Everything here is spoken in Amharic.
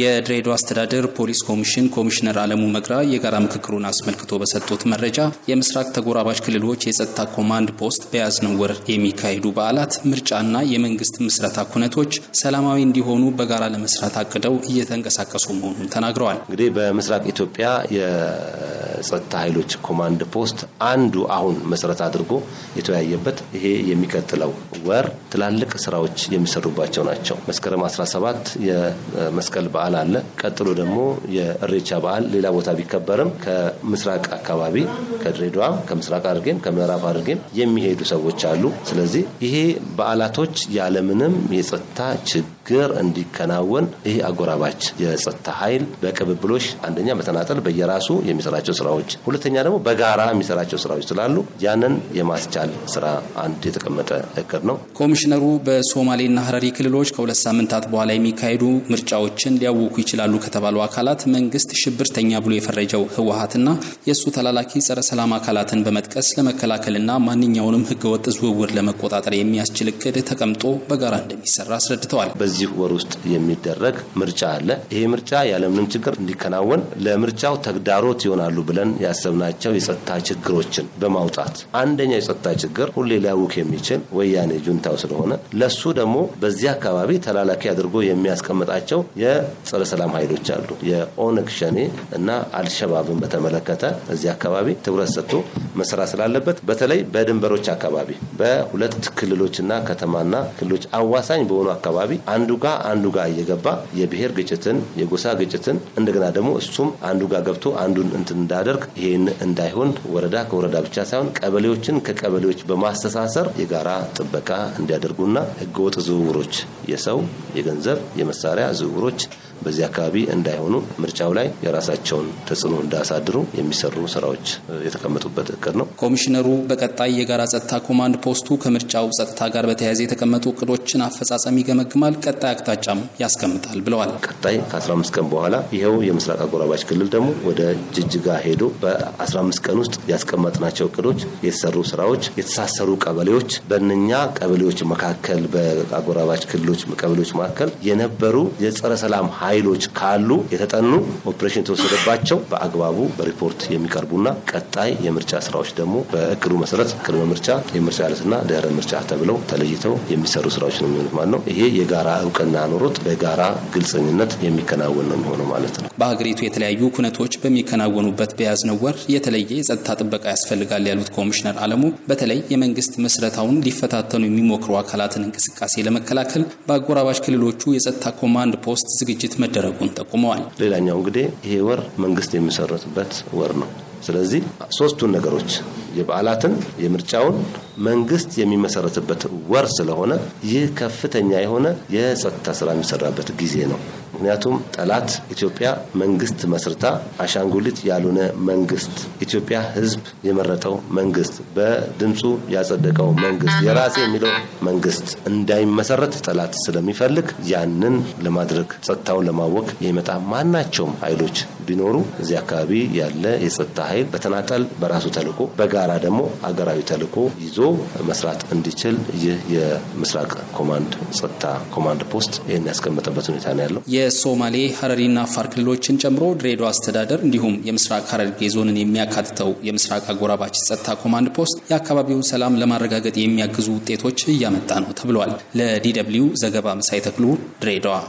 የድሬዳዋ አስተዳደር ፖሊስ ኮሚሽን ኮሚሽነር አለሙ መግራ የጋራ ምክክሩን አስመልክቶ በሰጡት መረጃ የምስራቅ ተጎራባች ክልሎች የጸጥታ ኮማንድ ፖስት በያዝነው ወር የሚካሄዱ በዓላት፣ ምርጫና የመንግስት ምስረታ ኩነቶች ሰላማዊ እንዲሆኑ በጋራ ለመስራት አቅደው እየተንቀሳቀሱ መሆኑን ተናግረዋል። እንግዲህ በምስራቅ ኢትዮጵያ የጸጥታ ኃይሎች ኮማንድ ፖስት አንዱ አሁን መሰረት አድርጎ የተወያየበት ይሄ የሚቀጥለው ወር ትላልቅ ስራዎች የሚሰሩባቸው ናቸው። መስከረም 17 የመስቀል በዓል አለ። ቀጥሎ ደግሞ የእሬቻ በዓል ሌላ ቦታ ቢከበርም ከምስራቅ አካባቢ ከድሬዳዋም ከምስራቅ አድርጌም ከምዕራብ አድርጌም የሚሄዱ ሰዎች አሉ። ስለዚህ ይሄ በዓላቶች ያለምንም የጸጥታ ችግር እንዲከናወን ይህ አጎራባች የጸጥታ ኃይል በቅብብሎሽ አንደኛ በተናጠል በየራሱ የሚሰራቸው ስራ ስራዎች፣ ሁለተኛ ደግሞ በጋራ የሚሰራቸው ስራዎች ስላሉ ያንን የማስቻል ስራ አንድ የተቀመጠ እቅድ ነው። ኮሚሽነሩ በሶማሌና ሀረሪ ክልሎች ከሁለት ሳምንታት በኋላ የሚካሄዱ ምርጫዎችን ሊያውኩ ይችላሉ ከተባሉ አካላት መንግስት ሽብርተኛ ብሎ የፈረጀው ህወሀትና የእሱ ተላላኪ ጸረ ሰላም አካላትን በመጥቀስ ለመከላከልና ማንኛውንም ህገወጥ ዝውውር ለመቆጣጠር የሚያስችል እቅድ ተቀምጦ በጋራ እንደሚሰራ አስረድተዋል። በዚህ ወር ውስጥ የሚደረግ ምርጫ አለ። ይሄ ምርጫ ያለምንም ችግር እንዲከናወን ለምርጫው ተግዳሮት ይሆናሉ ብለን ብለን ያሰብናቸው የጸጥታ ችግሮችን በማውጣት አንደኛው የጸጥታ ችግር ሁሌ ሊያውክ የሚችል ወያኔ ጁንታው ስለሆነ ለሱ ደግሞ በዚህ አካባቢ ተላላኪ አድርጎ የሚያስቀምጣቸው የጸረ ሰላም ኃይሎች አሉ። የኦነግ ሸኔ እና አልሸባብን በተመለከተ እዚህ አካባቢ ትኩረት ሰጥቶ መስራት ስላለበት በተለይ በድንበሮች አካባቢ በሁለት ክልሎችና ከተማና ክልሎች አዋሳኝ በሆኑ አካባቢ አንዱ ጋ አንዱ ጋ እየገባ የብሔር ግጭትን የጎሳ ግጭትን እንደገና ደግሞ እሱም አንዱ ጋ ገብቶ አንዱን እንትን ስናደርግ ይህን እንዳይሆን ወረዳ ከወረዳ ብቻ ሳይሆን ቀበሌዎችን ከቀበሌዎች በማስተሳሰር የጋራ ጥበቃ እንዲያደርጉና ህገወጥ ዝውውሮች የሰው የገንዘብ የመሳሪያ ዝውውሮች በዚህ አካባቢ እንዳይሆኑ ምርጫው ላይ የራሳቸውን ተጽዕኖ እንዳያሳድሩ የሚሰሩ ስራዎች የተቀመጡበት እቅድ ነው። ኮሚሽነሩ በቀጣይ የጋራ ጸጥታ ኮማንድ ፖስቱ ከምርጫው ጸጥታ ጋር በተያያዘ የተቀመጡ እቅዶችን አፈጻጸም ይገመግማል፣ ቀጣይ አቅጣጫም ያስቀምጣል ብለዋል። ቀጣይ ከ15 ቀን በኋላ ይኸው የምስራቅ አጎራባች ክልል ደግሞ ወደ ጅጅጋ ሄዶ በ15 ቀን ውስጥ ያስቀመጥናቸው እቅዶች፣ የተሰሩ ስራዎች፣ የተሳሰሩ ቀበሌዎች በእነኛ ቀበሌዎች መካከል በአጎራባች ክልሎች ቀበሌዎች መካከል የነበሩ የጸረ ሰላም ኃይሎች ካሉ የተጠኑ ኦፕሬሽን የተወሰደባቸው በአግባቡ በሪፖርት የሚቀርቡና ቀጣይ የምርጫ ስራዎች ደግሞ በእቅዱ መሰረት ቅድመ ምርጫ፣ የምርጫ ዕለትና ድህረ ምርጫ ተብለው ተለይተው የሚሰሩ ስራዎች ነው የሚሆኑት ማለት ነው። ይሄ የጋራ እውቅና ኖሮት በጋራ ግልጸኝነት የሚከናወን ነው የሚሆነው ማለት ነው። በሀገሪቱ የተለያዩ ኩነቶች በሚከናወኑበት በያዝነው ወር የተለየ የጸጥታ ጥበቃ ያስፈልጋል ያሉት ኮሚሽነር አለሙ በተለይ የመንግስት መስረታውን ሊፈታተኑ የሚሞክሩ አካላትን እንቅስቃሴ ለመከላከል በአጎራባች ክልሎቹ የጸጥታ ኮማንድ ፖስት ዝግጅት መደረጉን ጠቁመዋል። ሌላኛው እንግዲህ ይሄ ወር መንግስት የሚሰረትበት ወር ነው። ስለዚህ ሶስቱን ነገሮች የበዓላትን፣ የምርጫውን መንግስት የሚመሰረትበት ወር ስለሆነ ይህ ከፍተኛ የሆነ የጸጥታ ስራ የሚሰራበት ጊዜ ነው። ምክንያቱም ጠላት ኢትዮጵያ መንግስት መስርታ አሻንጉሊት ያልሆነ መንግስት ኢትዮጵያ ህዝብ የመረጠው መንግስት በድምፁ ያጸደቀው መንግስት የራሴ የሚለው መንግስት እንዳይመሰረት ጠላት ስለሚፈልግ ያንን ለማድረግ ጸጥታውን ለማወቅ የመጣ ማናቸውም ኃይሎች ቢኖሩ እዚህ አካባቢ ያለ የጸጥታ ኃይል በተናጠል በራሱ ተልዕኮ በጋራ ደግሞ አገራዊ ተልዕኮ ይዞ መስራት እንዲችል ይህ የምስራቅ ኮማንድ ጸጥታ ኮማንድ ፖስት ይህን ያስቀመጠበት ሁኔታ ነው ያለው። የሶማሌ ሀረሪና አፋር ክልሎችን ጨምሮ ድሬዳዋ አስተዳደር እንዲሁም የምስራቅ ሀረርጌ ዞንን የሚያካትተው የምስራቅ አጎራባች ጸጥታ ኮማንድ ፖስት የአካባቢውን ሰላም ለማረጋገጥ የሚያግዙ ውጤቶች እያመጣ ነው ተብሏል። ለዲ ደብልዩ ዘገባ መሳይ ተክሉ ድሬዳዋ